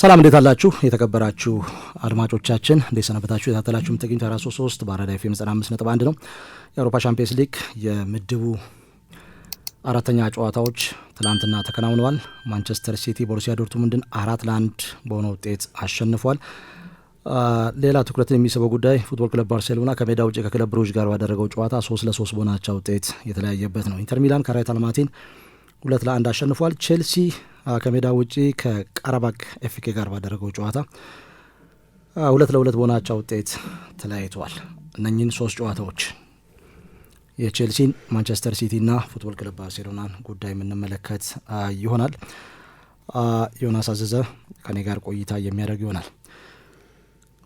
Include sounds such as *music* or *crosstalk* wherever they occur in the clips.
ሰላም እንዴት አላችሁ? የተከበራችሁ አድማጮቻችን እንዴት ሰነበታችሁ? የታተላችሁ የምትገኙት ተራሶ ሶስት ሶስት በአራዳ ኤፍ ኤም ዘጠና አምስት ነጥብ አንድ ነው። የአውሮፓ ሻምፒየንስ ሊግ የምድቡ አራተኛ ጨዋታዎች ትላንትና ተከናውነዋል። ማንቸስተር ሲቲ ቦሩሲያ ዶርትሙንድን አራት ለአንድ በሆነ ውጤት አሸንፏል። ሌላ ትኩረትን የሚስበው ጉዳይ ፉትቦል ክለብ ባርሴሎና ከሜዳ ውጭ ከክለብ ብሩጅ ጋር ባደረገው ጨዋታ ሶስት ለሶስት በሆነ አቻ ውጤት የተለያየበት ነው። ኢንተር ሚላን ከራይት አልማቲን ሁለት ለአንድ አሸንፏል። ቼልሲ ከሜዳ ውጪ ከቃራባክ ኤፍኬ ጋር ባደረገው ጨዋታ ሁለት ለሁለት በሆናቻ ውጤት ተለያይተዋል። እነኚህን ሶስት ጨዋታዎች የቼልሲን፣ ማንቸስተር ሲቲና ፉትቦል ክለብ ባርሴሎናን ጉዳይ የምንመለከት ይሆናል። ዮናስ አዘዘ ከኔ ጋር ቆይታ የሚያደርግ ይሆናል።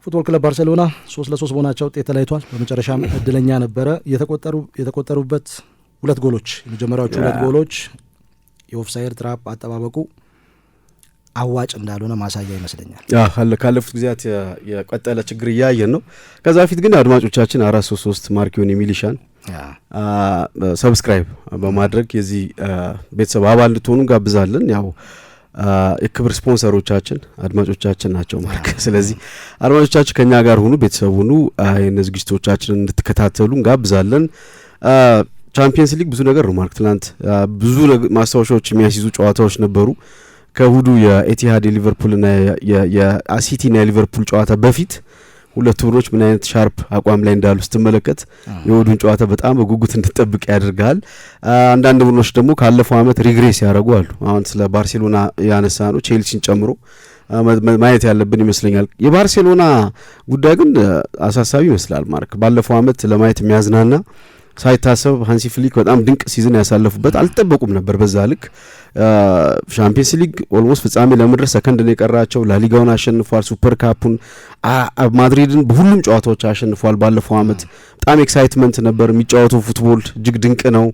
ፉትቦል ክለብ ባርሴሎና ሶስት ለሶስት በሆናቸው ውጤት ተለያይቷል። በመጨረሻም እድለኛ ነበረ። የተቆጠሩበት ሁለት ጎሎች የመጀመሪያዎቹ ሁለት ጎሎች የኦፍሳይድ ትራፕ አጠባበቁ አዋጭ እንዳልሆነ ማሳያ ይመስለኛል። ካለፉት ጊዜያት የቀጠለ ችግር እያየን ነው። ከዛ በፊት ግን አድማጮቻችን አራት ሶስት ሶስት ማርኪዮን የሚሊሻን ሰብስክራይብ በማድረግ የዚህ ቤተሰብ አባል ልትሆኑ ጋብዛለን። ያው የክብር ስፖንሰሮቻችን አድማጮቻችን ናቸው ማርክ። ስለዚህ አድማጮቻችን ከኛ ጋር ሁኑ፣ ቤተሰብ ሁኑ፣ ይህን ዝግጅቶቻችንን እንድትከታተሉ ጋብዛለን። ቻምፒየንስ ሊግ ብዙ ነገር ነው ማርክ። ብዙ ማስታወሻዎች የሚያስይዙ ጨዋታዎች ነበሩ። ከእሁዱ የኤቲሃድ የሊቨርፑልና የሲቲና የሊቨርፑል ጨዋታ በፊት ሁለቱ ቡድኖች ምን አይነት ሻርፕ አቋም ላይ እንዳሉ ስትመለከት የእሁዱን ጨዋታ በጣም በጉጉት እንድጠብቅ ያደርጋል። አንዳንድ ቡድኖች ደግሞ ካለፈው ዓመት ሪግሬስ ያደረጉ አሉ። አሁን ስለ ባርሴሎና ያነሳ ነው ቼልሲን ጨምሮ ማየት ያለብን ይመስለኛል። የባርሴሎና ጉዳይ ግን አሳሳቢ ይመስላል ማርክ። ባለፈው ዓመት ለማየት የሚያዝናና ሳይታሰብ ሃንሲ ፍሊክ በጣም ድንቅ ሲዝን ያሳለፉበት አልጠበቁም ነበር። በዛ ልክ ሻምፒየንስ ሊግ ኦልሞስት ፍጻሜ ለመድረስ ሰከንድ ነው የቀራቸው። ላሊጋውን አሸንፏል። ሱፐር ካፑን፣ ማድሪድን በሁሉም ጨዋታዎች አሸንፏል። ባለፈው አመት በጣም ኤክሳይትመንት ነበር። የሚጫወተው ፉትቦል እጅግ ድንቅ ነው።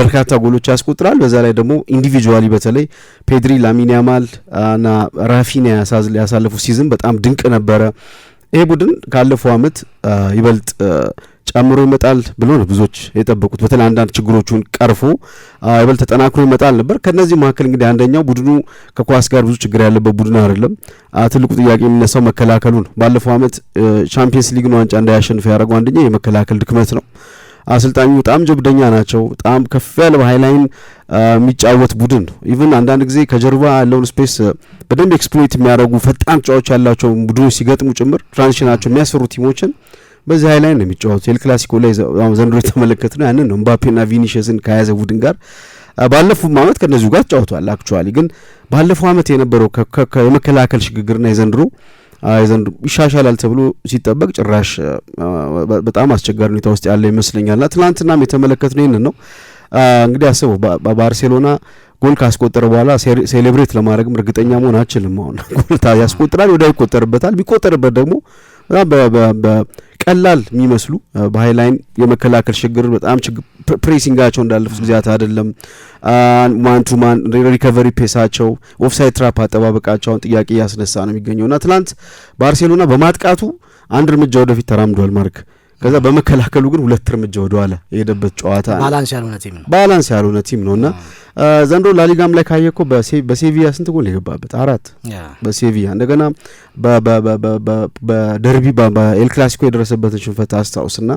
በርካታ ጎሎች ያስቆጥራል። በዛ ላይ ደግሞ ኢንዲቪጁዋሊ በተለይ ፔድሪ፣ ላሚን ያማል እና ራፊኒያ ያሳለፉ ሲዝን በጣም ድንቅ ነበረ። ይሄ ቡድን ካለፈው አመት ይበልጥ ጨምሮ ይመጣል ብሎ ነው ብዙዎች የጠበቁት። በተለይ አንዳንድ ችግሮቹን ቀርፎ ይበል ተጠናክሮ ይመጣል ነበር። ከእነዚህ መካከል እንግዲህ አንደኛው ቡድኑ ከኳስ ጋር ብዙ ችግር ያለበት ቡድን አይደለም። ትልቁ ጥያቄ የሚነሳው መከላከሉ ነው። ባለፈው ዓመት ቻምፒየንስ ሊግን ዋንጫ እንዳያሸንፍ ያደረገው አንደኛው የመከላከል ድክመት ነው። አሰልጣኙ በጣም ጀብደኛ ናቸው። በጣም ከፍ ያለ በሀይ ላይን የሚጫወት ቡድን ነው። ኢቭን አንዳንድ ጊዜ ከጀርባ ያለውን ስፔስ በደንብ ኤክስፕሎይት የሚያደርጉ ፈጣን ተጫዋቾች ያላቸው ቡድኖች ሲገጥሙ ጭምር ትራንዚሽናቸው የሚያስፈሩ ቲሞችን በዚህ ሀይ ላይ ነው የሚጫወቱ ኤል ክላሲኮ ላይ ዘንድሮ የተመለከት ነው ያንን ነው እምባፔና ቪኒሽስን ከያዘ ቡድን ጋር ባለፉም አመት ከእነዚሁ ጋር ተጫውቷል። አክቹዋሊ ግን ባለፈው አመት የነበረው የመከላከል ሽግግርና የዘንድሮ የዘንድሮ ይሻሻላል ተብሎ ሲጠበቅ ጭራሽ በጣም አስቸጋሪ ሁኔታ ውስጥ ያለ ይመስለኛልና ትናንትናም የተመለከት ነው ይህንን ነው እንግዲህ አስበው ባርሴሎና ጎል ካስቆጠረ በኋላ ሴሌብሬት ለማድረግም እርግጠኛ መሆን አችልም። አሁን *laughs* ጎል ያስቆጥራል፣ ወዲያው ይቆጠርበታል። ቢቆጠርበት ደግሞ በጣም ቀላል የሚመስሉ በሀይ ላይን የመከላከል ችግር በጣም ፕሬሲንጋቸው እንዳለፉት ጊዜያት አይደለም። ማን ቱ ማን ሪከቨሪ ፔሳቸው፣ ኦፍሳይድ ትራፕ አጠባበቃቸውን ጥያቄ እያስነሳ ነው የሚገኘውና ትናንት ባርሴሎና በማጥቃቱ አንድ እርምጃ ወደፊት ተራምዷል ማርክ ከዛ በመከላከሉ ግን ሁለት እርምጃ ወደኋላ የሄደበት ጨዋታ ባላንስ ያልሆነ ቲም ነው እና ዘንድሮ ላሊጋም ላይ ካየ እኮ በሴቪያ ስንት ጎል የገባበት አራት በሴቪያ እንደገና በደርቢ በኤል ክላሲኮ የደረሰበትን ሽንፈት አስታውስና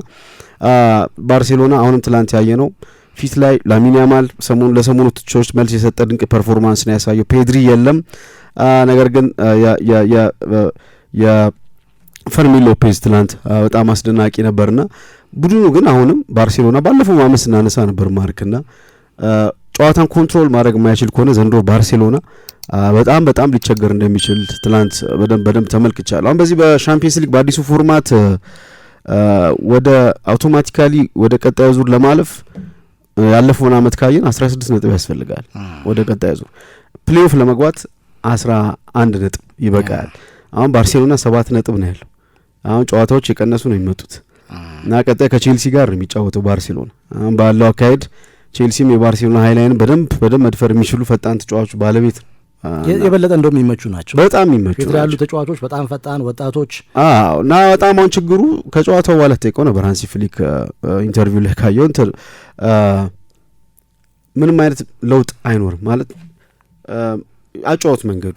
ባርሴሎና አሁንም ትላንት ያየ ነው ፊት ላይ ላሚን ያማል ሰሞኑ ለሰሞኑ ትችቶች መልስ የሰጠ ድንቅ ፐርፎርማንስ ነው ያሳየው። ፔድሪ የለም ነገር ግን ፈርሚን ሎፔዝ ትናንት በጣም አስደናቂ ነበርና ቡድኑ ግን አሁንም ባርሴሎና ባለፈው ዓመት ስናነሳ ነበር ማርክና ጨዋታን ኮንትሮል ማድረግ የማይችል ከሆነ ዘንድሮ ባርሴሎና በጣም በጣም ሊቸገር እንደሚችል ትናንት በደንብ ተመልክቻለሁ። አሁን በዚህ በሻምፒየንስ ሊግ በአዲሱ ፎርማት ወደ አውቶማቲካሊ ወደ ቀጣዩ ዙር ለማለፍ ያለፈውን ዓመት ካየን 16 ነጥብ ያስፈልጋል። ወደ ቀጣዩ ዙር ፕሌኦፍ ለመግባት 11 ነጥብ ይበቃል። አሁን ባርሴሎና ሰባት ነጥብ ነው ያለው። አሁን ጨዋታዎች የቀነሱ ነው የሚመጡት እና ቀጣይ ከቼልሲ ጋር ነው የሚጫወተው ባርሴሎና። አሁን ባለው አካሄድ ቼልሲም የባርሴሎና ሀይላይን በደንብ በደንብ መድፈር የሚችሉ ፈጣን ተጫዋቾች ባለቤት ነው የበለጠ እንደውም የሚመቹ ናቸው። በጣም የሚመቹ ያሉ ተጫዋቾች በጣም ፈጣን ወጣቶች አዎ እና በጣም አሁን ችግሩ ከጨዋታው በኋላ ተጠይቀው ነበር ሃንሲ ፍሊክ ኢንተርቪው ላይ ካየው ምንም አይነት ለውጥ አይኖርም ማለት አጫወት መንገዱ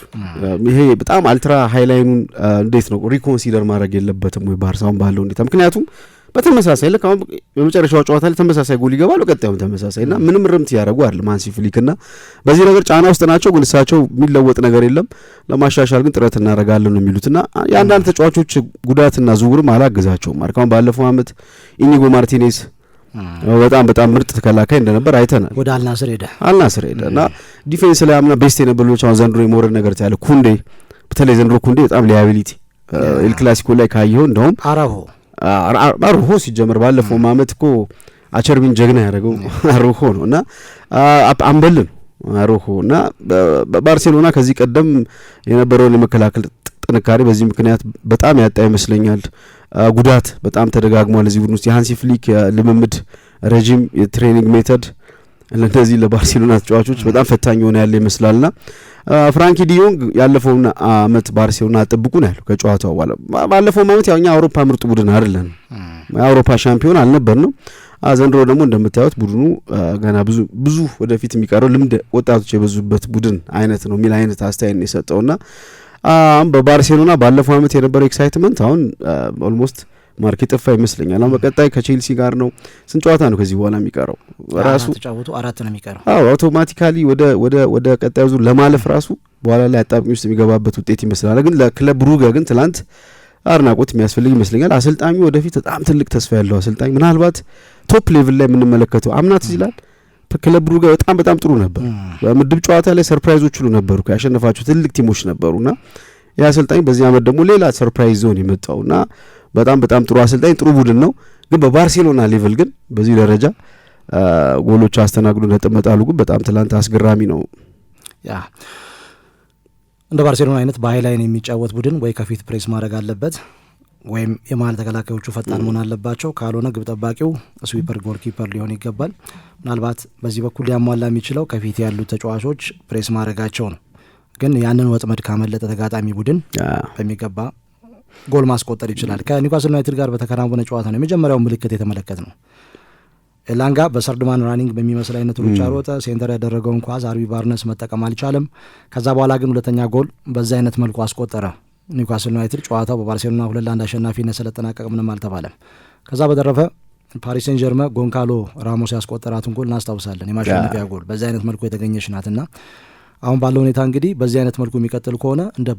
ይሄ በጣም አልትራ ሃይላይኑን እንዴት ነው ሪኮንሲደር ማድረግ የለበትም ወይ ባርሳውን ባለው ሁኔታ? ምክንያቱም በተመሳሳይ ልክ አሁን በመጨረሻው ጨዋታ ላይ ተመሳሳይ ጎል ይገባሉ፣ ቀጣዩም ተመሳሳይ እና ምንም ርምት ያደረጉ አለ ሃንሲ ፍሊክ እና በዚህ ነገር ጫና ውስጥ ናቸው። ግን እሳቸው የሚለወጥ ነገር የለም ለማሻሻል ግን ጥረት እናደርጋለን ነው የሚሉት እና የአንዳንድ ተጫዋቾች ጉዳትና ዝውውርም አላግዛቸውም። አሁን ባለፈው አመት ኢኒጎ ማርቲኔዝ በጣም በጣም ምርጥ ተከላካይ እንደነበር አይተናል። ወደ አልናስር ሄደ አልናስር ሄደ እና ዲፌንስ ላይ አምና ቤስት የነበሩ ልጆች አሁን ዘንድሮ የመውረድ ነገር ያለ ኩንዴ፣ በተለይ ዘንድሮ ኩንዴ በጣም ሊያቢሊቲ ኤል ክላሲኮ ላይ ካየው እንደውም አራሆ አርሆ ሲጀመር ባለፈው አመት እኮ አቸርቢን ጀግና ያደረገው *laughs* አርሆ ነው እና አንበልን አርሆ እና ባርሴሎና ከዚህ ቀደም የነበረውን የመከላከል ጥንካሬ በዚህ ምክንያት በጣም ያጣ ይመስለኛል። ጉዳት በጣም ተደጋግሟል እዚህ ቡድን ውስጥ የሃንሲ ፍሊክ የልምምድ ረዥም የትሬኒንግ ሜተድ ለእነዚህ ለባርሴሎና ተጫዋቾች በጣም ፈታኝ የሆነ ያለ ይመስላል። ና ፍራንኪ ዲዮንግ ያለፈውን አመት ባርሴሎና ጥብቁ ነው ያለው ከጨዋታው በኋላ። ባለፈውም አመት ያው እኛ አውሮፓ ምርጡ ቡድን አይደለን፣ የአውሮፓ ሻምፒዮን አልነበር ነው። ዘንድሮ ደግሞ እንደምታዩት ቡድኑ ገና ብዙ ብዙ ወደፊት የሚቀረው ልምድ ወጣቶች የበዙበት ቡድን አይነት ነው የሚል አይነት አስተያየት የሰጠው ና በባርሴሎና ባለፈው ዓመት የነበረው ኤክሳይትመንት አሁን ኦልሞስት ማርክ ጥፋ ይመስለኛል። አሁን በቀጣይ ከቼልሲ ጋር ነው ስንት ጨዋታ ነው ከዚህ በኋላ የሚቀረው? ራሱ ተጫወቱ አራት ነው የሚቀረው። አዎ አውቶማቲካሊ ወደ ቀጣዩ ዙር ለማለፍ ራሱ በኋላ ላይ አጣብቂኝ ውስጥ የሚገባበት ውጤት ይመስላል። ግን ለክለብ ሩገ ግን ትላንት አድናቆት የሚያስፈልግ ይመስለኛል። አሰልጣኙ ወደፊት በጣም ትልቅ ተስፋ ያለው አሰልጣኝ ምናልባት ቶፕ ሌቭል ላይ የምንመለከተው አምናት ይችላል ክለብ ጋር በጣም በጣም ጥሩ ነበር። በምድብ ጨዋታ ላይ ሰርፕራይዞች ሁሉ ነበሩ። ያሸነፋቸው ትልቅ ቲሞች ነበሩና አሰልጣኝ በዚህ ዓመት ደግሞ ሌላ ሰርፕራይዝ ዞን የመጣውና በጣም በጣም ጥሩ አሰልጣኝ ጥሩ ቡድን ነው። ግን በባርሴሎና ሌቭል ግን በዚህ ደረጃ ጎሎች አስተናግዶ ነጥብ መጣሉ ግን በጣም ትላንት አስገራሚ ነው። ያ እንደ ባርሴሎና አይነት በሀይ ላይን የሚጫወት ቡድን ወይ ከፊት ፕሬስ ማድረግ አለበት ወይም የመሀል ተከላካዮቹ ፈጣን መሆን አለባቸው። ካልሆነ ግብ ጠባቂው ስዊፐር ጎልኪፐር ሊሆን ይገባል። ምናልባት በዚህ በኩል ሊያሟላ የሚችለው ከፊት ያሉት ተጫዋቾች ፕሬስ ማድረጋቸው ነው። ግን ያንን ወጥመድ ካመለጠ ተጋጣሚ ቡድን በሚገባ ጎል ማስቆጠር ይችላል። ከኒውካስል ዩናይትድ ጋር በተከናወነ ጨዋታ ነው የመጀመሪያው ምልክት የተመለከት ነው። ኤላንጋ በሰርድማን ራኒንግ በሚመስል አይነት ሩጫ ሮጠ። ሴንተር ያደረገውን ኳስ አርቢ ባርነስ መጠቀም አልቻለም። ከዛ በኋላ ግን ሁለተኛ ጎል በዛ አይነት መልኩ አስቆጠረ። ኒውካስል ዩናይትድ ጨዋታው በባርሴሎና ሁለት ለአንድ አሸናፊነት ስለጠናቀቅ ምንም አልተባለም። ከዛ በተረፈ ፓሪስ ሴን ጀርመ ጎንካሎ ራሞስ ያስቆጠራትን ጎል እናስታውሳለን። የማሸነፊያ ጎል በዚህ አይነት መልኩ የተገኘች ናት ናትና አሁን ባለው ሁኔታ እንግዲህ በዚህ አይነት መልኩ የሚቀጥል ከሆነ እንደ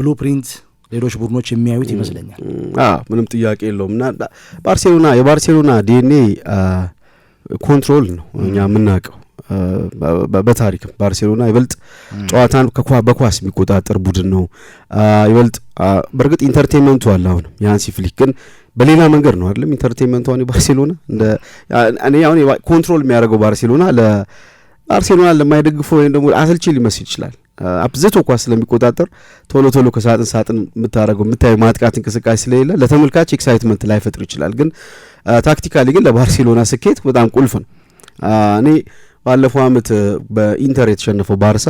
ብሉ ፕሪንት ሌሎች ቡድኖች የሚያዩት ይመስለኛል። ምንም ጥያቄ የለውም እና ባርሴሎና የባርሴሎና ዲኤንኤ ኮንትሮል ነው እኛ የምናውቀው በታሪክም ባርሴሎና ይበልጥ ጨዋታን በኳስ የሚቆጣጠር ቡድን ነው። ይበልጥ በእርግጥ ኢንተርቴንመንቱ አለ አሁንም የሃንሲ ፍሊክ ግን በሌላ መንገድ ነው አይደለም ኢንተርቴንመንቱ አሁን የባርሴሎና እንደ እኔ አሁን ኮንትሮል የሚያደርገው ባርሴሎና ለባርሴሎና ለማይደግፈው ወይም ደግሞ አሰልቺ ሊመስል ይችላል አብዝቶ ኳስ ስለሚቆጣጠር ቶሎ ቶሎ ከሳጥን ሳጥን የምታደረገው የምታየው ማጥቃት እንቅስቃሴ ስለሌለ ለተመልካች ኤክሳይትመንት ላይፈጥር ይችላል። ግን ታክቲካሊ ግን ለባርሴሎና ስኬት በጣም ቁልፍ ነው እኔ ባለፈው አመት በኢንተር የተሸነፈው ባርሳ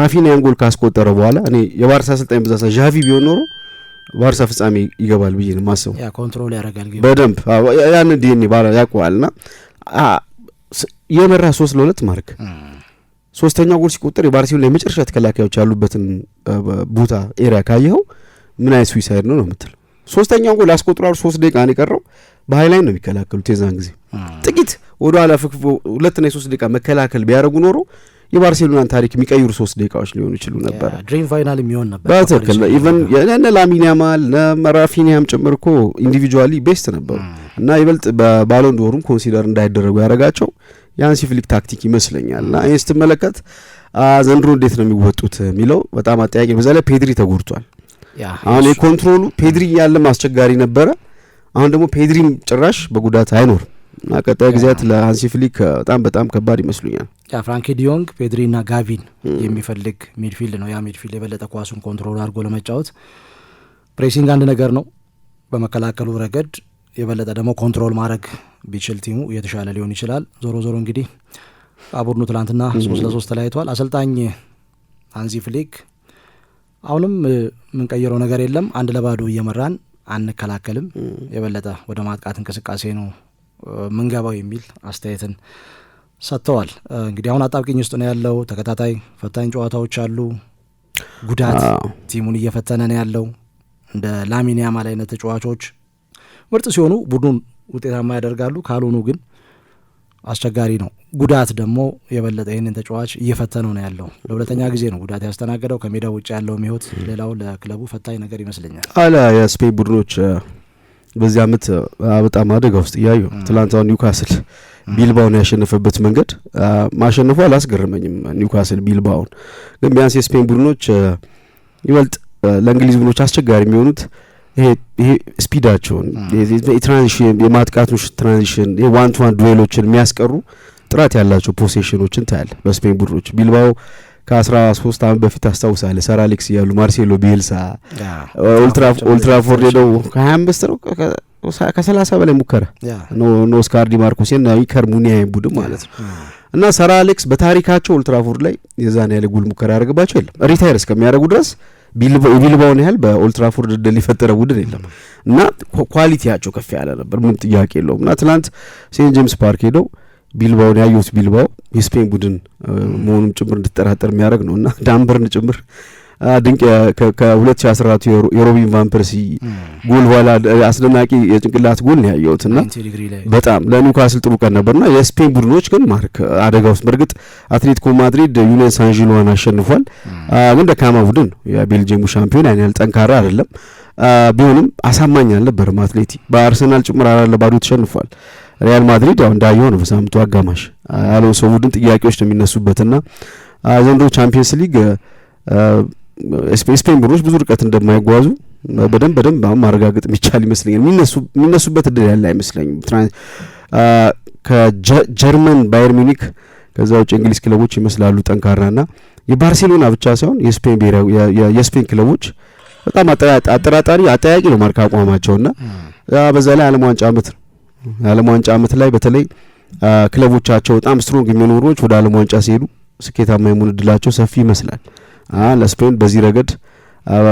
ራፊኒያን ጎል ካስቆጠረ በኋላ እኔ የባርሳ አሰልጣኝ ብዛሳ ዣቪ ቢሆን ኖሮ ባርሳ ፍጻሜ ይገባል ብዬ ነው ማሰቡ። ኮንትሮል ያደርጋል በደንብ ያን ዲኒ ያውቀዋል። ና የመራ ሶስት ለሁለት ማርክ ሶስተኛው ጎል ሲቆጠር የባርሴሎና የመጨረሻ ተከላካዮች ያሉበትን ቦታ ኤሪያ ካየኸው ምን አይነት ስዊሳይድ ነው ነው የምትል። ሶስተኛው ጎል አስቆጥሯል። ሶስት ደቂቃ ነው የቀረው በሀይ ላይ ነው የሚከላከሉት። የዛን ጊዜ ጥቂት ወደ ኋላ ፍክፎ ሁለትና የሶስት ደቂቃ መከላከል ቢያደርጉ ኖሮ የባርሴሎናን ታሪክ የሚቀይሩ ሶስት ደቂቃዎች ሊሆኑ ይችሉ ነበር። ድሪም ፋይናል የሚሆን ነበር በትክክል ኢቨን እነ ላሚን ያማል ራፊኒያም ጭምር እኮ ኢንዲቪጁዋሊ ቤስት ነበሩ እና ይበልጥ በባሎን ዶሩም ኮንሲደር እንዳይደረጉ ያደረጋቸው የአንሲ ፍሊክ ታክቲክ ይመስለኛል። እና ይህን ስትመለከት ዘንድሮ እንዴት ነው የሚወጡት የሚለው በጣም አጠያቂ በዛ ላይ ፔድሪ ተጎድቷል። አሁን የኮንትሮሉ ፔድሪ ያለም አስቸጋሪ ነበረ አሁን ደግሞ ፔድሪም ጭራሽ በጉዳት አይኖርም እና ቀጣይ ጊዜያት ለሃንሲ ፍሊክ በጣም በጣም ከባድ ይመስሉኛል። ያ ፍራንኪ ዲዮንግ ፔድሪና ጋቪን የሚፈልግ ሚድፊልድ ነው። ያ ሚድፊልድ የበለጠ ኳሱን ኮንትሮል አድርጎ ለመጫወት ፕሬሲንግ አንድ ነገር ነው። በመከላከሉ ረገድ የበለጠ ደግሞ ኮንትሮል ማድረግ ቢችል ቲሙ የተሻለ ሊሆን ይችላል። ዞሮ ዞሮ እንግዲህ አቡድኑ ትላንትና ሶስት ለሶስት ተለያይተዋል። አሰልጣኝ ሃንሲ ፍሊክ አሁንም የምንቀይረው ነገር የለም አንድ ለባዶ እየመራን አንከላከልም፣ የበለጠ ወደ ማጥቃት እንቅስቃሴ ነው ምንገባው የሚል አስተያየትን ሰጥተዋል። እንግዲህ አሁን አጣብቂኝ ውስጥ ነው ያለው። ተከታታይ ፈታኝ ጨዋታዎች አሉ። ጉዳት ቲሙን እየፈተነ ነው ያለው። እንደ ላሚን አይነት ተጫዋቾች ምርጥ ሲሆኑ ቡድኑን ውጤታማ ያደርጋሉ፣ ካልሆኑ ግን አስቸጋሪ ነው። ጉዳት ደግሞ የበለጠ ይህንን ተጫዋች እየፈተነው ነው ያለው። ለሁለተኛ ጊዜ ነው ጉዳት ያስተናገደው። ከሜዳ ውጭ ያለው ሚሆት ሌላው ለክለቡ ፈታኝ ነገር ይመስለኛል። አለ የስፔን ቡድኖች በዚህ አመት በጣም አደጋ ውስጥ እያዩ ትላንት ኒውካስል ቢልባውን ያሸነፈበት መንገድ ማሸነፉ አላስገረመኝም። ኒውካስል ቢልባውን ግን ቢያንስ የስፔን ቡድኖች ይበልጥ ለእንግሊዝ ቡድኖች አስቸጋሪ የሚሆኑት ይሄ ስፒዳቸውን ትራንዚሽን የማጥቃቱ ትራንዚሽን ዋን ቱ ዋን ዱዌሎችን የሚያስቀሩ ጥራት ያላቸው ፖሴሽኖችን ታያለ በስፔን ቡድኖች ቢልባኦ ከአስራ ሶስት ዓመት በፊት አስታውሳለ ሰር አሌክስ እያሉ ማርሴሎ ቢልሳ ኦልትራፎርድ ሄደው ከሀያ አምስት ነው ከሰላሳ በላይ ሙከራ ኖስካርዲ ስካር ና ማርኮሴን ኢከር ሙኒያን ቡድን ማለት ነው እና ሰር አሌክስ በታሪካቸው ኦልትራፎርድ ላይ የዛን ያለ ጉል ሙከራ ያደርግባቸው የለም ሪታይር እስከሚያደርጉ ድረስ የቢልባውን ያህል በኦልትራፎርድ ድል የፈጠረ ቡድን የለም እና ኳሊቲያቸው ከፍ ያለ ነበር፣ ምን ጥያቄ የለውም። እና ትናንት ሴንት ጄምስ ፓርክ ሄደው ቢልባውን ያየሁት ቢልባው የስፔን ቡድን መሆኑም ጭምር እንድጠራጠር የሚያደርግ ነው እና ዳንበርን ጭምር ድንቅ ከ2014 የሮቢን ቫን ፐርሲ ጎል በኋላ አስደናቂ የጭንቅላት ጎል ነው ያየሁት እና በጣም ለኒውካስል ጥሩ ቀን ነበርና የስፔን ቡድኖች ግን ማርክ አደጋ ውስጥ በእርግጥ አትሌቲኮ ማድሪድ ዩኒየን ሳን አሸንፏል። ግን ደካማ ቡድን ነው። የቤልጅየሙ ሻምፒዮን ያን ያህል ጠንካራ አይደለም። ቢሆንም አሳማኝ አልነበርም። አትሌቲ በአርሰናል ጭምር አራት ለባዶ ተሸንፏል። ሪያል ማድሪድ ያው እንዳየው ነው። በሳምንቱ አጋማሽ አሎንሶ ቡድን ጥያቄዎች ነው የሚነሱበትና ዘንድሮ ቻምፒየንስ ሊግ ስፔን ቡድኖች ብዙ ርቀት እንደማይጓዙ በደንብ በደንብ አሁን ማረጋገጥ የሚቻል ይመስለኛል። የሚነሱበት እድል ያለ አይመስለኝም። ከጀርመን ባየር ሚኒክ፣ ከዛ ውጭ እንግሊዝ ክለቦች ይመስላሉ ጠንካራና የባርሴሎና ብቻ ሳይሆን የስፔን ብሔራዊ የስፔን ክለቦች በጣም አጠራጣሪ አጠያቂ ነው ማርክ አቋማቸውና በዛ ላይ ዓለም ዋንጫ ዓመት ነው። ዓለም ዋንጫ ዓመት ላይ በተለይ ክለቦቻቸው በጣም ስትሮንግ የሚኖሮች ወደ ዓለም ዋንጫ ሲሄዱ ስኬታማ የመሆን እድላቸው ሰፊ ይመስላል። ለስፔን በዚህ ረገድ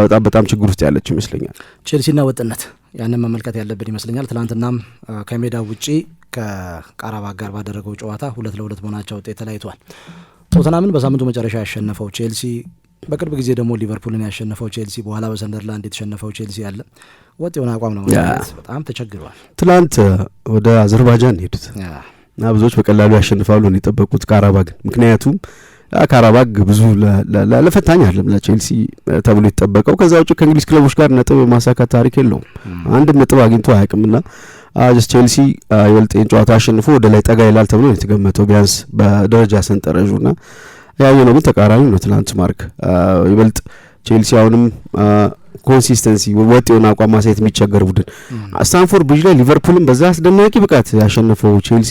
በጣም በጣም ችግር ውስጥ ያለችው ይመስለኛል። ቼልሲና ወጥነት ያንን መመልከት ያለብን ይመስለኛል። ትናንትናም ከሜዳ ውጪ ከቃራባ ጋር ባደረገው ጨዋታ ሁለት ለሁለት መሆናቸው ውጤት ተለያይቷል። ቶተናምን በሳምንቱ መጨረሻ ያሸነፈው ቼልሲ፣ በቅርብ ጊዜ ደግሞ ሊቨርፑልን ያሸነፈው ቼልሲ፣ በኋላ በሰንደርላንድ የተሸነፈው ቼልሲ ያለ ወጥ የሆነ አቋም ነው። በጣም ተቸግረዋል። ትላንት ወደ አዘርባጃን ሄዱት እና ብዙዎች በቀላሉ ያሸንፋሉ የጠበቁት ቃራባ ግን ምክንያቱም ካራባግ ብዙ ለፈታኝ አይደለም ለቼልሲ ተብሎ የተጠበቀው። ከዛ ውጭ ከእንግሊዝ ክለቦች ጋር ነጥብ የማሳካት ታሪክ የለውም። አንድም ነጥብ አግኝቶ አያውቅምና ጀስ ቼልሲ የወልጤን ጨዋታ አሸንፎ ወደ ላይ ጠጋ ይላል ተብሎ የተገመተው ቢያንስ በደረጃ ሰንጠረዡና ያየነው ግን ተቃራኒ ነው። ትናንት ማርክ ይበልጥ ቼልሲ አሁንም ኮንሲስተንሲ ወጥ የሆነ አቋም ማሳየት የሚቸገር ቡድን ስታንፎርድ ብሪጅ ላይ ሊቨርፑልም በዛ አስደናቂ ብቃት ያሸነፈው ቼልሲ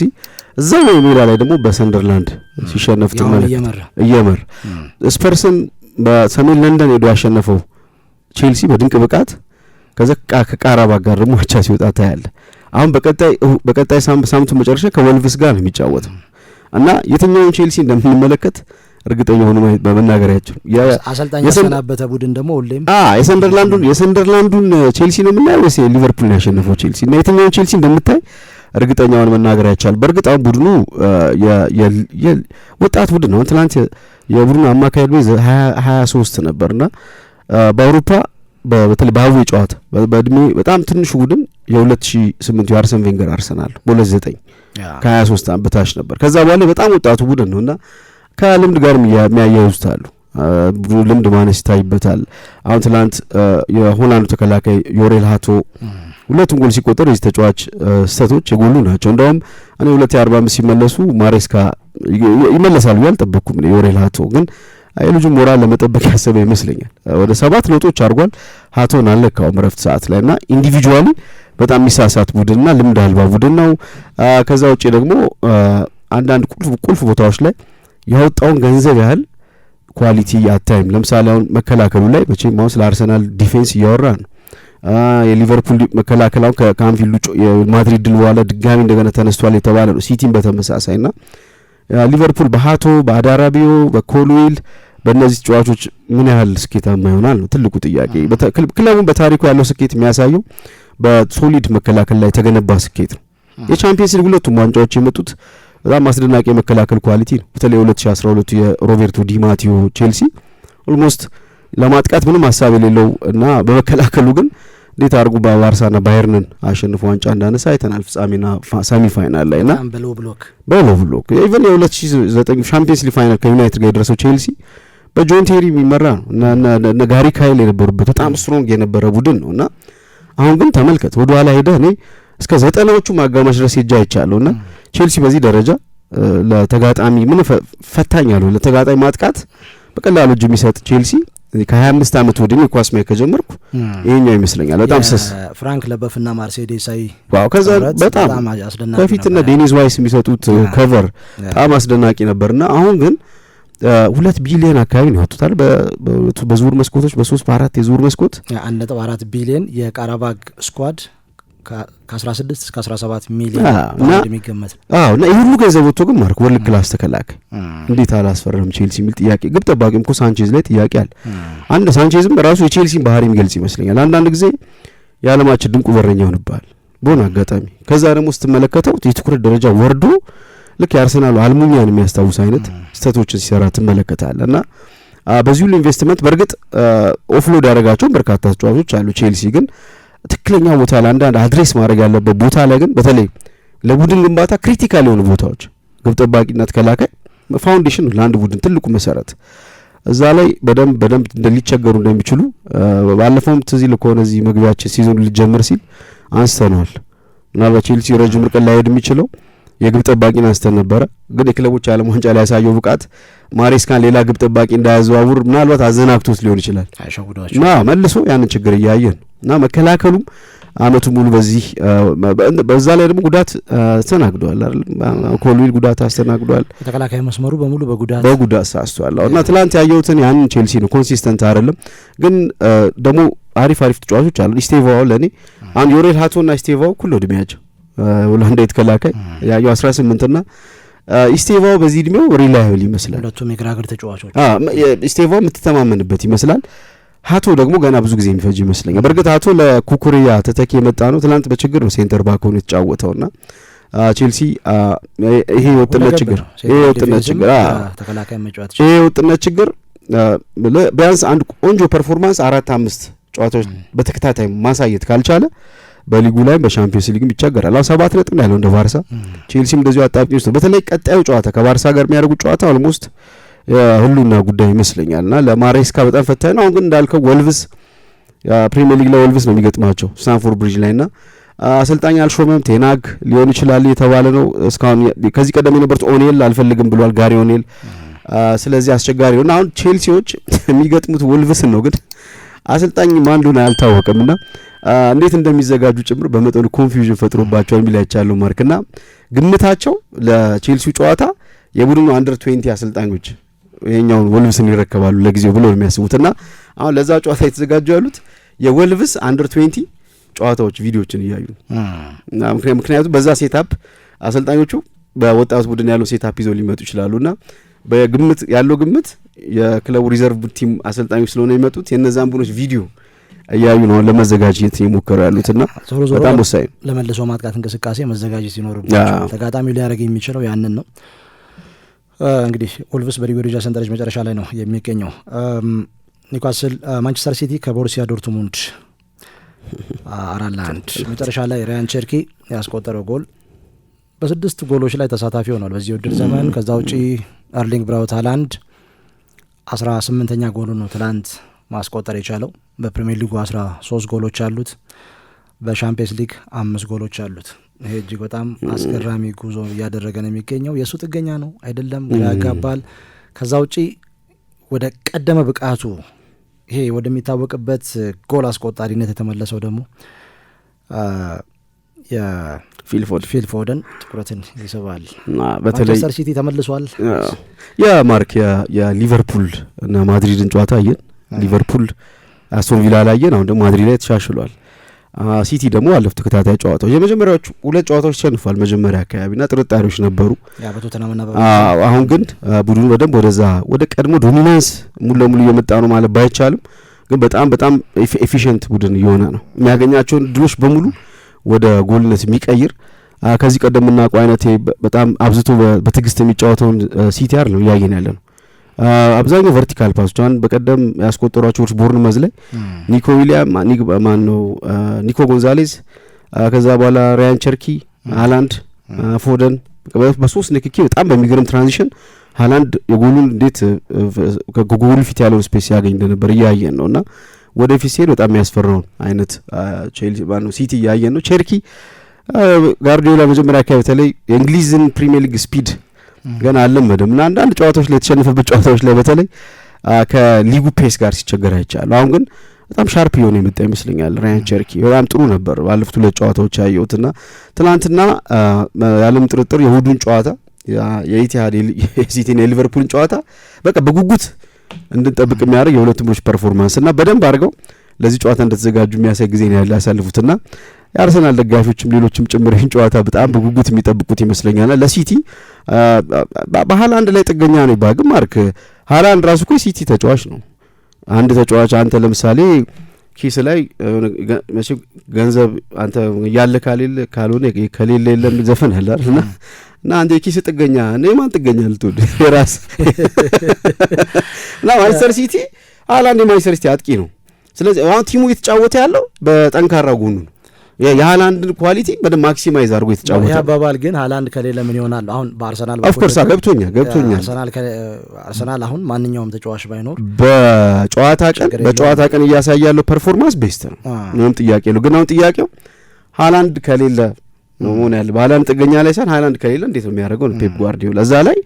እዛው ሜዳ ላይ ደግሞ በሰንደርላንድ ሲሸነፍ እየመራ ስፐርስን በሰሜን ለንደን ሄዶ ያሸነፈው ቼልሲ በድንቅ ብቃት ከዘቃ ከቃራባግ ጋር ደግሞ አቻ ሲወጣ ታያለ። አሁን በቀጣይ ሳምንቱ መጨረሻ ከወልቭስ ጋር ነው የሚጫወተው እና የትኛውን ቼልሲ እንደምንመለከት እርግጠኛ ሆኖ በመናገሪያቸው አሰልጣኝ ያሰናበተ ቡድን ደግሞ ሁሌም የሰንደርላንዱን የሰንደርላንዱን ቼልሲ ነው የምናየው ወይስ ሊቨርፑል ያሸነፈው ቼልሲ እና የትኛውን ቼልሲ እንደምታይ እርግጠኛውን መናገር ያቻል። በእርግጥ አሁን ቡድኑ ወጣት ቡድን ነው። ትናንት የቡድኑ አማካይ ዕድሜ ሀያ ሶስት ነበርና በአውሮፓ በተለይ በአዌ ጨዋታ በእድሜ በጣም ትንሹ ቡድን የ2008 የአርሰን ቬንገር አርሰናል በ29 ከ23 ዓመት በታች ነበር። ከዛ በኋላ በጣም ወጣቱ ቡድን ነው እና ከልምድ ጋር የሚያያይዙት አሉ። ልምድ ማነስ ይታይበታል። አሁን ትላንት የሆላንዱ ተከላካይ ዮሬል ሀቶ ሁለቱም ጎል ሲቆጠር የዚህ ተጫዋች ስህተቶች የጎሉ ናቸው። እንደውም እኔ ሁለት የአርባ አምስት ሲመለሱ ማሬስካ ይመለሳሉ ያልጠበቅኩም የኦሬል ሃቶ ግን የልጁ ሞራል ለመጠበቅ ያሰበ ይመስለኛል። ወደ ሰባት ለውጦች አድርጓል። ሃቶን አልለካውም ረፍት ሰዓት ላይ እና ኢንዲቪጁዋሊ በጣም የሚሳሳት ቡድንና ልምድ አልባ ቡድን ነው። ከዛ ውጭ ደግሞ አንዳንድ ቁልፍ ቦታዎች ላይ ያወጣውን ገንዘብ ያህል ኳሊቲ አታይም። ለምሳሌ አሁን መከላከሉ ላይ መቼም አሁን ስለ አርሰናል ዲፌንስ እያወራ ነው የሊቨርፑል መከላከላው ከካምፊልዱ የማድሪድ ድል በኋላ ድጋሚ እንደገና ተነስቷል የተባለ ነው። ሲቲም በተመሳሳይ ና ሊቨርፑል በሀቶ በአዳራቢዮ በኮልዌል በእነዚህ ተጫዋቾች ምን ያህል ስኬታማ ይሆናል ነው ትልቁ ጥያቄ። ክለቡን በታሪኩ ያለው ስኬት የሚያሳየው በሶሊድ መከላከል ላይ የተገነባ ስኬት ነው። የቻምፒየንስ ሊግ ሁለቱም ዋንጫዎች የመጡት በጣም አስደናቂ የመከላከል ኳሊቲ ነው። በተለይ 2012 የሮቤርቶ ዲማቲዮ ቼልሲ ኦልሞስት ለማጥቃት ምንም ሀሳብ የሌለው እና በመከላከሉ ግን እንዴት አድርጉ ባባርሳና ባየርንን አሸንፎ ዋንጫ እንዳነሳ አይተናል። ፍጻሜና ሰሚ ፋይናል ላይ ና በሎ ብሎክ በሎ ብሎክ ኢቨን የ2009 ሻምፒየንስ ሊግ ፋይናል ከዩናይትድ ጋር የደረሰው ቼልሲ በጆን ቴሪ የሚመራ ነው ጋሪ ካይል የነበሩበት በጣም ስትሮንግ የነበረ ቡድን ነው እና አሁን ግን ተመልከት ወደ ኋላ ሄደህ እኔ እስከ ዘጠናዎቹ ማጋማሽ ድረስ ሄጃ አይቻለሁ እና ቼልሲ በዚህ ደረጃ ለተጋጣሚ ምን ፈታኝ ያሉ ለተጋጣሚ ማጥቃት በቀላሉ እጅ የሚሰጥ ቼልሲ ከሀያ አምስት ዓመት ወዲህ ኳስ ማየት ከጀመርኩ ይህኛው ይመስለኛል። በጣም ስስ ፍራንክ ለበፍና ማርሴል ዴሳይ ዋው፣ ከዛ በጣም በፊትና ዴኒዝ ዋይስ የሚሰጡት ከቨር በጣም አስደናቂ ነበርና አሁን ግን ሁለት ቢሊዮን አካባቢ ነው ያወጡታል። በዙር መስኮቶች በሶስት በአራት የዙር መስኮት አንድ ነጥብ አራት ቢሊዮን የቃራባግ ስኳድ ከ16 እስከ 17 ሚሊዮን የሚገመት እና ይህ ሁሉ ገንዘብ ወጥቶ ግን ማርክ ወርልድ ክላስ ተከላካይ እንዴት አላስፈረም ቼልሲ የሚል ጥያቄ፣ ግብ ጠባቂም እኮ ሳንቼዝ ላይ ጥያቄ አለ። አንድ ሳንቼዝም ራሱ የቼልሲን ባህሪ የሚገልጽ ይመስለኛል። አንዳንድ ጊዜ የዓለማችን ድንቁ በረኛ ይሆንብሃል በሆነ አጋጣሚ፣ ከዛ ደግሞ ስትመለከተው የትኩረት ደረጃ ወርዶ ልክ የአርሰናሉ አልሙኒያን የሚያስታውስ አይነት ስህተቶችን ሲሰራ ትመለከታለ እና በዚህ ሁሉ ኢንቨስትመንት በእርግጥ ኦፍሎድ ያደረጋቸውን በርካታ ተጫዋቾች አሉ። ቼልሲ ግን ትክክለኛ ቦታ ላይ አንዳንድ አድሬስ ማድረግ ያለበት ቦታ ላይ ግን በተለይ ለቡድን ግንባታ ክሪቲካል የሆኑ ቦታዎች ግብ ጠባቂና ተከላካይ ፋውንዴሽን ነው ለአንድ ቡድን ትልቁ መሰረት። እዛ ላይ በደንብ በደንብ ሊቸገሩ እንደሚችሉ ባለፈውም ትዝ ይል ከሆነ እዚህ መግቢያችን ሲዞኑ ሊጀመር ሲል አንስተነዋል። ምናልባት ቼልሲ ረጅም ርቀት ላይሄድ የሚችለው የግብ ጠባቂን አንስተን ነበረ። ግን የክለቦች ዓለም ዋንጫ ላይ ያሳየው ብቃት ማሬስካን ሌላ ግብ ጠባቂ እንዳያዘዋውር ምናልባት አዘናግቶት ሊሆን ይችላል እና መልሶ ያንን ችግር እያየን እና መከላከሉም አመቱ ሙሉ በዚህ በዛ ላይ ደግሞ ጉዳት አስተናግዷል ኮልዊል ጉዳት አስተናግዷል ተከላካይ መስመሩ በሙሉ በጉዳት በጉዳት ሳስተዋል እና ትላንት ያየሁትን ያንን ቼልሲ ነው ኮንሲስተንት አይደለም ግን ደግሞ አሪፍ አሪፍ ተጫዋቾች አሉ ኢስቴቫው ለእኔ አሁን ዮሬል ሀቶ ና ኢስቴቫው ኩሎ እድሜያቸው ሆላንዳዊ ተከላካይ ያየው አስራ ስምንት ና ኢስቴቫው በዚህ እድሜው ሪላያብል ይመስላል። ሁለቱም የግራ እግር ተጫዋቾች ኢስቴቫው የምትተማመንበት ይመስላል። ሀቶ ደግሞ ገና ብዙ ጊዜ የሚፈጅ ይመስለኛል። በእርግጥ ሀቶ ለኩኩሪያ ተተኪ የመጣ ነው። ትናንት በችግር ነው ሴንተር ባክ ሆኖ የተጫወተው ና ቼልሲ ይሄ የወጥነት ችግር ይሄ የወጥነት ችግር ይሄ የወጥነት ችግር ቢያንስ አንድ ቆንጆ ፐርፎርማንስ አራት አምስት ጨዋታዎች በተከታታይ ማሳየት ካልቻለ በሊጉ ላይም በሻምፒዮንስ ሊግም ይቸገራል። አሁን ሰባት ነጥብ ነው ያለው እንደ ባርሳ። ቼልሲም እንደዚሁ አጣብቂኝ ውስጥ ነው። በተለይ ቀጣዩ ጨዋታ ከባርሳ ጋር የሚያደርጉት ጨዋታ አልሞስት ሁሉና ጉዳይ ይመስለኛል እና ለማሬስካ በጣም ፈታኝ ነው። አሁን ግን እንዳልከው ወልቭስ ፕሪሚየር ሊግ ላይ ወልቭስ ነው የሚገጥማቸው ስታንፎርድ ብሪጅ ላይ እና አሰልጣኝ አልሾመም። ቴናግ ሊሆን ይችላል የተባለ ነው እስካሁን። ከዚህ ቀደም የነበሩት ኦኔል አልፈልግም ብሏል ጋሪ ኦኔል። ስለዚህ አስቸጋሪ ነው አሁን ቼልሲዎች *laughs* የሚገጥሙት ወልቭስን ነው ግን አሰልጣኝ ማን እንደሆነ እና እንዴት እንደሚዘጋጁ ጭምር በመጠኑ ኮንፊውዥን ፈጥሮባቸዋል የሚል አይቻለሁ። ማርክ እና ግምታቸው ለቼልሲው ጨዋታ የቡድኑ አንደር ትዌንቲ አሰልጣኞች ይሄኛውን ወልቭስን ይረከባሉ ለጊዜው ብሎ የሚያስቡት እና አሁን ለዛ ጨዋታ የተዘጋጁ ያሉት የወልቭስ አንደር ትዌንቲ ጨዋታዎች ቪዲዮችን እያዩ እና ምክንያቱም በዛ ሴታፕ አሰልጣኞቹ በወጣት ቡድን ያለው ሴታፕ ይዘው ሊመጡ ይችላሉ እና በግምት ያለው ግምት የክለቡ ሪዘርቭ ቲም አሰልጣኞች ስለሆነ የሚመጡት የእነዛን ቡድኖች ቪዲዮ እያዩ ነው ለመዘጋጀት የሞከሩ ያሉትና በጣም ወሳኝ ለመልሶ ማጥቃት እንቅስቃሴ መዘጋጀት ይኖርባቸው ተጋጣሚው ሊያደርግ የሚችለው ያንን ነው። እንግዲህ ወልቭስ በሊጉ ደረጃ ሰንጠረዥ መጨረሻ ላይ ነው የሚገኘው። ኒውካስል ማንቸስተር ሲቲ ከቦሩሲያ ዶርትሙንድ አራት ለአንድ መጨረሻ ላይ ሪያን ቸርኪ ያስቆጠረው ጎል በስድስት ጎሎች ላይ ተሳታፊ ሆኗል በዚህ ውድድር ዘመን። ከዛ ውጪ አርሊንግ ብራውት ሃላንድ አስራ ስምንተኛ ጎሉ ነው ትላንት ማስቆጠር የቻለው። በፕሪሚየር ሊጉ አስራ ሶስት ጎሎች አሉት። በሻምፒየንስ ሊግ አምስት ጎሎች አሉት። ይሄ እጅግ በጣም አስገራሚ ጉዞ እያደረገ ነው የሚገኘው። የእሱ ጥገኛ ነው አይደለም፣ ግራ ያጋባል። ከዛ ውጪ ወደ ቀደመ ብቃቱ ይሄ ወደሚታወቅበት ጎል አስቆጣሪነት የተመለሰው ደግሞ ፊል ትኩረትን ይስባል። በተለይ ሲቲ ተመልሷል። ማርክ የሊቨርፑል እና ማድሪድን ጨዋታ አየን። ሊቨርፑል አስቶን ቪላ ላየን፣ አሁን ደግሞ ማድሪድ ላይ ተሻሽሏል። ሲቲ ደግሞ አለፍ ተከታታይ ጨዋታዎች የመጀመሪያዎቹ ሁለት ጨዋታዎች ተሸንፏል። መጀመሪያ ና ጥርጣሬዎች ነበሩ። አሁን ግን ቡድኑ በደንብ ወደዛ ወደ ቀድሞ ዶሚናንስ ሙሉ ለሙሉ እየመጣ ነው ማለት ባይቻልም ግን በጣም በጣም ኤፊሽንት ቡድን እየሆነ ነው። የሚያገኛቸውን ድሎች በሙሉ ወደ ጎልነት የሚቀይር ከዚህ ቀደም የምናውቀው አይነት በጣም አብዝቶ በትዕግስት የሚጫወተውን ሲቲ አይደለም እያየን ያለ ነው። አብዛኛው ቨርቲካል ፓሶች አሁን በቀደም ያስቆጠሯቸው ቦርን መዝ ላይ ኒኮ ዊሊያም ማን ነው ኒኮ ጎንዛሌዝ ከዛ በኋላ ራያን ቸርኪ ሀላንድ ፎደን በሶስት ንክኪ በጣም በሚገርም ትራንዚሽን ሀላንድ የጎሉን እንዴት ከጎሉ ፊት ያለውን ስፔስ ያገኝ እንደነበር እያየን ነው እና ወደፊት ሲሄድ በጣም የሚያስፈራውን አይነት ሲቲ እያየን ነው ቸርኪ ጋርዲዮላ መጀመሪያ አካባቢ በተለይ የእንግሊዝን ፕሪሚየር ሊግ ስፒድ ገና አልለመድም እና አንዳንድ ጨዋታዎች ላይ የተሸነፈበት ጨዋታዎች ላይ በተለይ ከሊጉ ፔስ ጋር ሲቸገር አይቻሉ። አሁን ግን በጣም ሻርፕ እየሆነ የመጣ ይመስለኛል። ራያን ቸርኪ በጣም ጥሩ ነበር ባለፉት ሁለት ጨዋታዎች ያየሁትና ትናንትና ያለም ጥርጥር የእሁዱን ጨዋታ የኢቲሃድ *laughs* የሲቲን የሊቨርፑልን ጨዋታ በቃ በጉጉት እንድንጠብቅ የሚያደርግ የሁለቱም ቡድኖች ፐርፎርማንስ እና በደንብ አድርገው ለዚህ ጨዋታ እንደተዘጋጁ የሚያሳይ ጊዜ ነው ያሳልፉትና የአርሰናል ደጋፊዎችም ሌሎችም ጭምር ይህን ጨዋታ በጣም በጉጉት የሚጠብቁት ይመስለኛል። ለሲቲ በሀላንድ ላይ ጥገኛ ነው ባግም ማርክ ሀላንድ ራሱ እኮ ሲቲ ተጫዋች ነው። አንድ ተጫዋች አንተ ለምሳሌ ኪስ ላይ ገንዘብ አንተ ያለ ካሌለ ካልሆነ ከሌለ የለም ዘፈን ያላል እና እና አንድ የኪስ ጥገኛ ማን ጥገኛ ልትወድ የራስ እና ማንቸስተር ሲቲ ሀላንድ የማንቸስተር ሲቲ አጥቂ ነው። ስለዚህ አሁን ቲሙ እየተጫወተ ያለው በጠንካራ ጎኑ ነው። የሃላንድን ኳሊቲ በደንብ ማክሲማይዝ አድርጎ የተጫወተ አባባል ግን ሃላንድ ከሌለ ምን ይሆናል? አሁን በአርሰናል ኦፍኮርስ ገብቶኛል ገብቶኛል። አርሰናል አሁን ማንኛውም ተጫዋች ባይኖር በጨዋታ ቀን በጨዋታ ቀን እያሳየ ፐርፎርማንስ ቤስት ነው፣ ምንም ጥያቄ የለው። ግን አሁን ጥያቄው ሃላንድ ከሌለ ነው መሆን ያለ በሀላንድ ጥገኛ ላይ ሳይሆን ሃላንድ ከሌለ እንዴት ነው የሚያደርገው ነው ፔፕ ጓርዲዮላ እዛ ላይ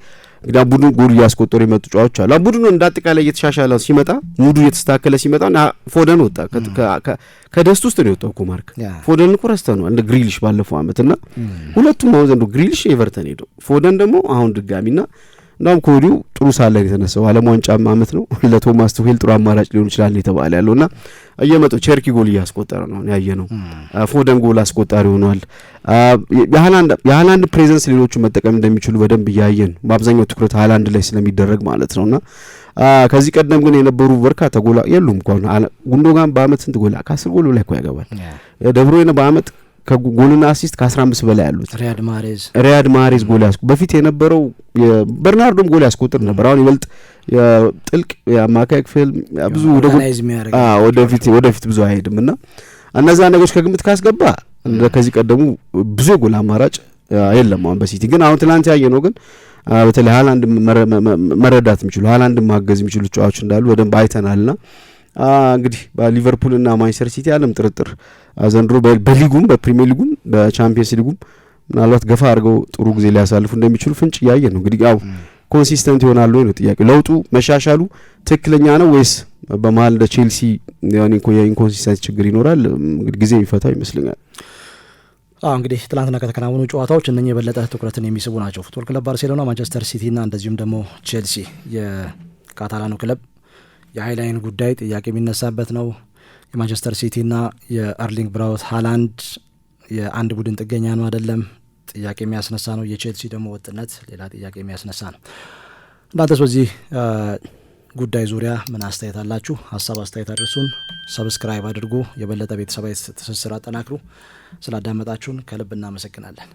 እንግዲህ ቡድኑ ጎል እያስቆጠሩ የመጡ ጨዋቾች አሉ። ቡድኑ እንዳጠቃላይ እየተሻሻለ ሲመጣ ሙዱ እየተስተካከለ ሲመጣ ፎደን ወጣ ከደስት ውስጥ ነው የወጣው ኮማርክ ፎደን እኮ ረስተ ነው እንደ ግሪልሽ ባለፈው አመት እና ሁለቱም አሁን ዘንድሮ ግሪልሽ ኤቨርተን ሄደው ፎደን ደግሞ አሁን ድጋሚ ና እናም ከወዲሁ ጥሩ ሳለን የተነሳው አለም ዋንጫማ አመት ነው *laughs* ለቶማስ ቱሄል ጥሩ አማራጭ ሊሆን ይችላል የተባለ ያለው እና እየመጡ ቸርኪ ጎል እያስቆጠረ ነው ያየ ነው። ፎደን ጎል አስቆጣሪ ሆኗል። የሀላንድ ፕሬዘንስ ሌሎቹ መጠቀም እንደሚችሉ በደንብ እያየን በአብዛኛው ትኩረት ሀላንድ ላይ ስለሚደረግ ማለት ነው እና ከዚህ ቀደም ግን የነበሩ በርካታ ጎላ የሉም። ጉንዶጋን በአመት ስንት ጎላ ከአስር ጎል በላይ እኮ ያገባል ደብሮይነ በአመት ከጎልና አሲስት ከ15 በላይ ያሉት ሪያድ ማሬዝ ሪያድ ማሬዝ ጎል ያስ በፊት የነበረው በርናርዶም ጎል ያስቆጥር ነበር። አሁን ይበልጥ ጥልቅ የአማካይ ክፍል ብዙ ወደፊት ወደፊት ብዙ አይሄድም እና እነዛ ነገሮች ከግምት ካስገባ ከዚህ ቀደሙ ብዙ የጎል አማራጭ የለም። አሁን በሲቲ ግን አሁን ትላንት ያየ ነው ግን በተለይ ሀላንድ መረዳት የሚችሉ ሀላንድ ማገዝ የሚችሉ ተጫዋቾች እንዳሉ በደንብ አይተናልና እንግዲህ በሊቨርፑልና ማንቸስተር ሲቲ አለም ጥርጥር ዘንድሮ በሊጉም በፕሪሚየር ሊጉም በቻምፒየንስ ሊጉም ምናልባት ገፋ አድርገው ጥሩ ጊዜ ሊያሳልፉ እንደሚችሉ ፍንጭ እያየ ነው። እንግዲህ ያው ኮንሲስተንት ይሆናሉ ነው ጥያቄ። ለውጡ መሻሻሉ ትክክለኛ ነው ወይስ በመሀል እንደ ቼልሲ የኢንኮንሲስተንት ችግር ይኖራል? እንግዲህ ጊዜ የሚፈታው ይመስለኛል። አዎ እንግዲህ ትላንትና ከተከናወኑ ጨዋታዎች እነኚህ የበለጠ ትኩረትን የሚስቡ ናቸው። ፉትቦል ክለብ ባርሴሎና፣ ማንቸስተር እና እንደዚሁም ደግሞ ቼልሲ የካታላኑ ክለብ የሀይላይን ጉዳይ ጥያቄ የሚነሳበት ነው። የማንቸስተር ሲቲና የአርሊንግ ብራውት ሃላንድ የአንድ ቡድን ጥገኛ ነው አይደለም ጥያቄ የሚያስነሳ ነው። የቼልሲ ደግሞ ወጥነት ሌላ ጥያቄ የሚያስነሳ ነው። እናንተስ በዚህ ጉዳይ ዙሪያ ምን አስተያየት አላችሁ? ሀሳብ አስተያየት አድርሱን። ሰብስክራይብ አድርጉ። የበለጠ ቤተሰባዊ ትስስር አጠናክሩ። ስላዳመጣችሁን ከልብ እናመሰግናለን።